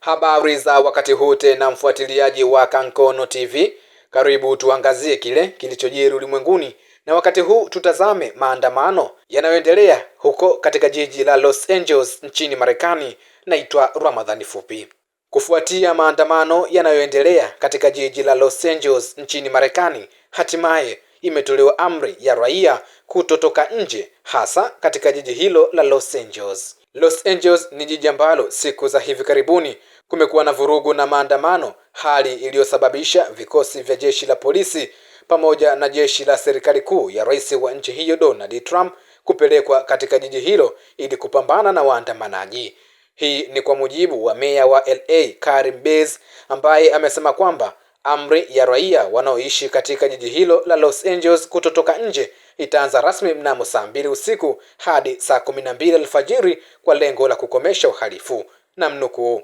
Habari za wakati huu tena, mfuatiliaji wa Kankono TV, karibu tuangazie kile kilichojiri ulimwenguni, na wakati huu tutazame maandamano yanayoendelea huko katika jiji la Los Angeles nchini Marekani. Naitwa Ramadhani Fupi. Kufuatia maandamano yanayoendelea katika jiji la Los Angeles nchini Marekani, hatimaye imetolewa amri ya raia kutotoka nje, hasa katika jiji hilo la Los Angeles. Los Angeles ni jiji ambalo siku za hivi karibuni kumekuwa na vurugu na maandamano, hali iliyosababisha vikosi vya jeshi la polisi pamoja na jeshi la serikali kuu ya rais wa nchi hiyo Donald Trump kupelekwa katika jiji hilo ili kupambana na waandamanaji. Hii ni kwa mujibu wa meya wa LA Karim Bass ambaye amesema kwamba Amri ya raia wanaoishi katika jiji hilo la Los Angeles kutotoka nje itaanza rasmi mnamo saa mbili usiku hadi saa kumi na mbili alfajiri kwa lengo la kukomesha uhalifu, na mnukuu,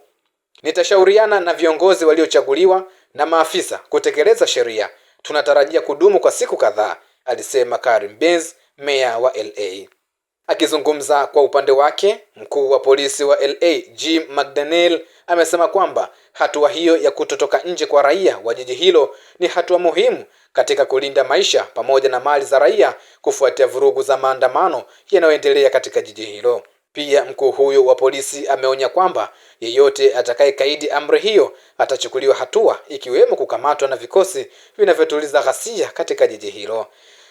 nitashauriana na viongozi waliochaguliwa na maafisa kutekeleza sheria. Tunatarajia kudumu kwa siku kadhaa, alisema Karim Benz, meya wa LA. Akizungumza kwa upande wake, mkuu wa polisi wa LA Jim McDaniel amesema kwamba hatua hiyo ya kutotoka nje kwa raia wa jiji hilo ni hatua muhimu katika kulinda maisha pamoja na mali za raia kufuatia vurugu za maandamano yanayoendelea katika jiji hilo. Pia mkuu huyo wa polisi ameonya kwamba yeyote atakayekaidi amri hiyo atachukuliwa hatua ikiwemo kukamatwa na vikosi vinavyotuliza ghasia katika jiji hilo.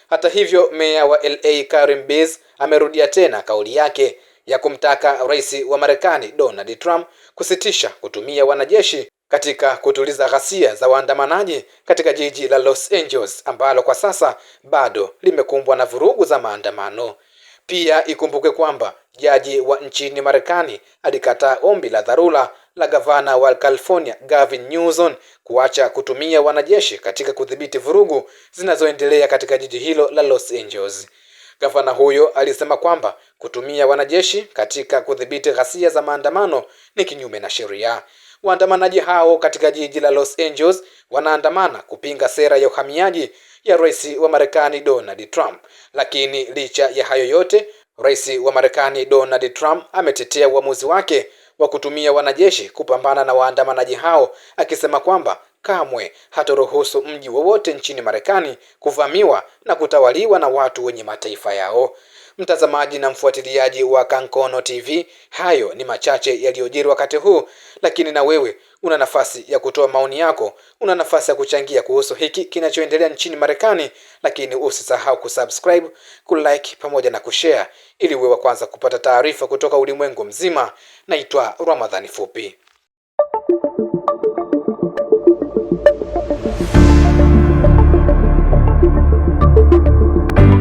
Hata hivyo, meya wa LA Karim Biz amerudia tena kauli yake ya kumtaka rais wa Marekani Donald Trump kusitisha kutumia wanajeshi katika kutuliza ghasia za waandamanaji katika jiji la Los Angeles ambalo kwa sasa bado limekumbwa na vurugu za maandamano. Pia ikumbuke kwamba jaji wa nchini Marekani alikataa ombi la dharura la gavana wa California Gavin Newsom kuacha kutumia wanajeshi katika kudhibiti vurugu zinazoendelea katika jiji hilo la Los Angeles. Gavana huyo alisema kwamba kutumia wanajeshi katika kudhibiti ghasia za maandamano ni kinyume na sheria. Waandamanaji hao katika jiji la Los Angeles wanaandamana kupinga sera ya uhamiaji ya Rais wa Marekani Donald Trump. Lakini licha ya hayo yote, Rais wa Marekani Donald Trump ametetea uamuzi wake wa kutumia wanajeshi kupambana na waandamanaji hao akisema kwamba kamwe hataruhusu mji wowote nchini Marekani kuvamiwa na kutawaliwa na watu wenye mataifa yao. Mtazamaji na mfuatiliaji wa Kankono TV, hayo ni machache yaliyojiri wakati huu, lakini na wewe una nafasi ya kutoa maoni yako, una nafasi ya kuchangia kuhusu hiki kinachoendelea nchini Marekani, lakini usisahau kusubscribe, kulike pamoja na kushare ili uwe wa kwanza kupata taarifa kutoka ulimwengu mzima. Naitwa Ramadhani Fupi.